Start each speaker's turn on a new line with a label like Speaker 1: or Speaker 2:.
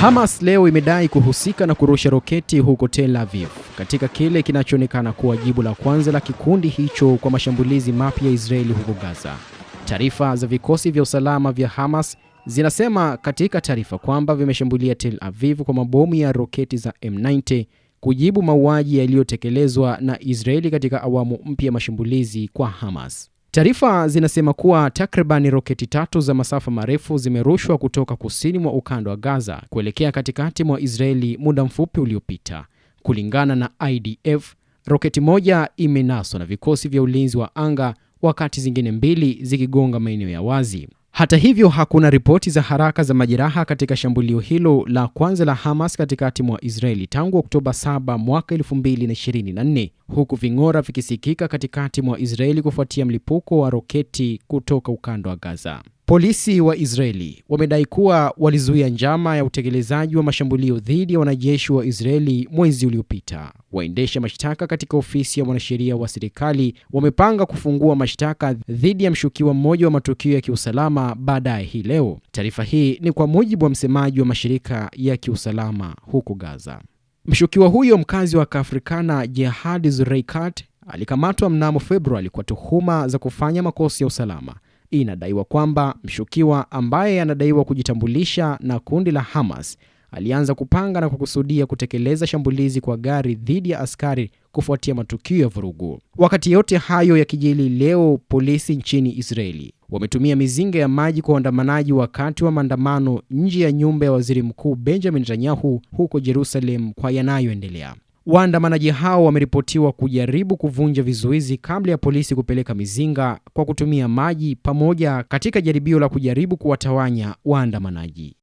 Speaker 1: Hamas leo imedai kuhusika na kurusha roketi huko Tel Aviv katika kile kinachoonekana kuwa jibu la kwanza la kikundi hicho kwa mashambulizi mapya ya Israeli huko Gaza. Taarifa za vikosi vya usalama vya Hamas zinasema katika taarifa kwamba vimeshambulia Tel Aviv kwa mabomu ya roketi za M90 kujibu mauaji yaliyotekelezwa na Israeli katika awamu mpya ya mashambulizi kwa Hamas. Taarifa zinasema kuwa takriban roketi tatu za masafa marefu zimerushwa kutoka kusini mwa ukanda wa Gaza kuelekea katikati mwa Israeli muda mfupi uliopita. Kulingana na IDF, roketi moja imenaswa na vikosi vya ulinzi wa anga, wakati zingine mbili zikigonga maeneo ya wazi. Hata hivyo, hakuna ripoti za haraka za majeraha katika shambulio hilo la kwanza la Hamas katikati mwa Israeli tangu Oktoba 7 mwaka 2024 huku ving'ora vikisikika katikati mwa Israeli kufuatia mlipuko wa roketi kutoka ukanda wa Gaza. Polisi wa Israeli wamedai kuwa walizuia njama ya utekelezaji wa mashambulio dhidi ya wanajeshi wa Israeli mwezi uliopita. Waendesha mashtaka katika ofisi ya mwanasheria wa serikali wamepanga kufungua mashtaka dhidi ya mshukiwa mmoja wa matukio ya kiusalama baadaye hii leo. Taarifa hii ni kwa mujibu wa msemaji wa mashirika ya kiusalama huko Gaza. Mshukiwa huyo mkazi wa Kiafrikana Jehad Zureikat alikamatwa mnamo Februari kwa tuhuma za kufanya makosa ya usalama. Inadaiwa kwamba mshukiwa ambaye anadaiwa kujitambulisha na kundi la Hamas alianza kupanga na kukusudia kutekeleza shambulizi kwa gari dhidi ya askari kufuatia matukio ya vurugu. Wakati yote hayo yakijili, leo polisi nchini Israeli wametumia mizinga ya maji kwa waandamanaji wakati wa maandamano nje ya nyumba ya waziri mkuu Benjamin Netanyahu huko Jerusalem kwa yanayoendelea. Waandamanaji hao wameripotiwa kujaribu kuvunja vizuizi kabla ya polisi kupeleka mizinga kwa kutumia maji pamoja katika jaribio la kujaribu kuwatawanya waandamanaji.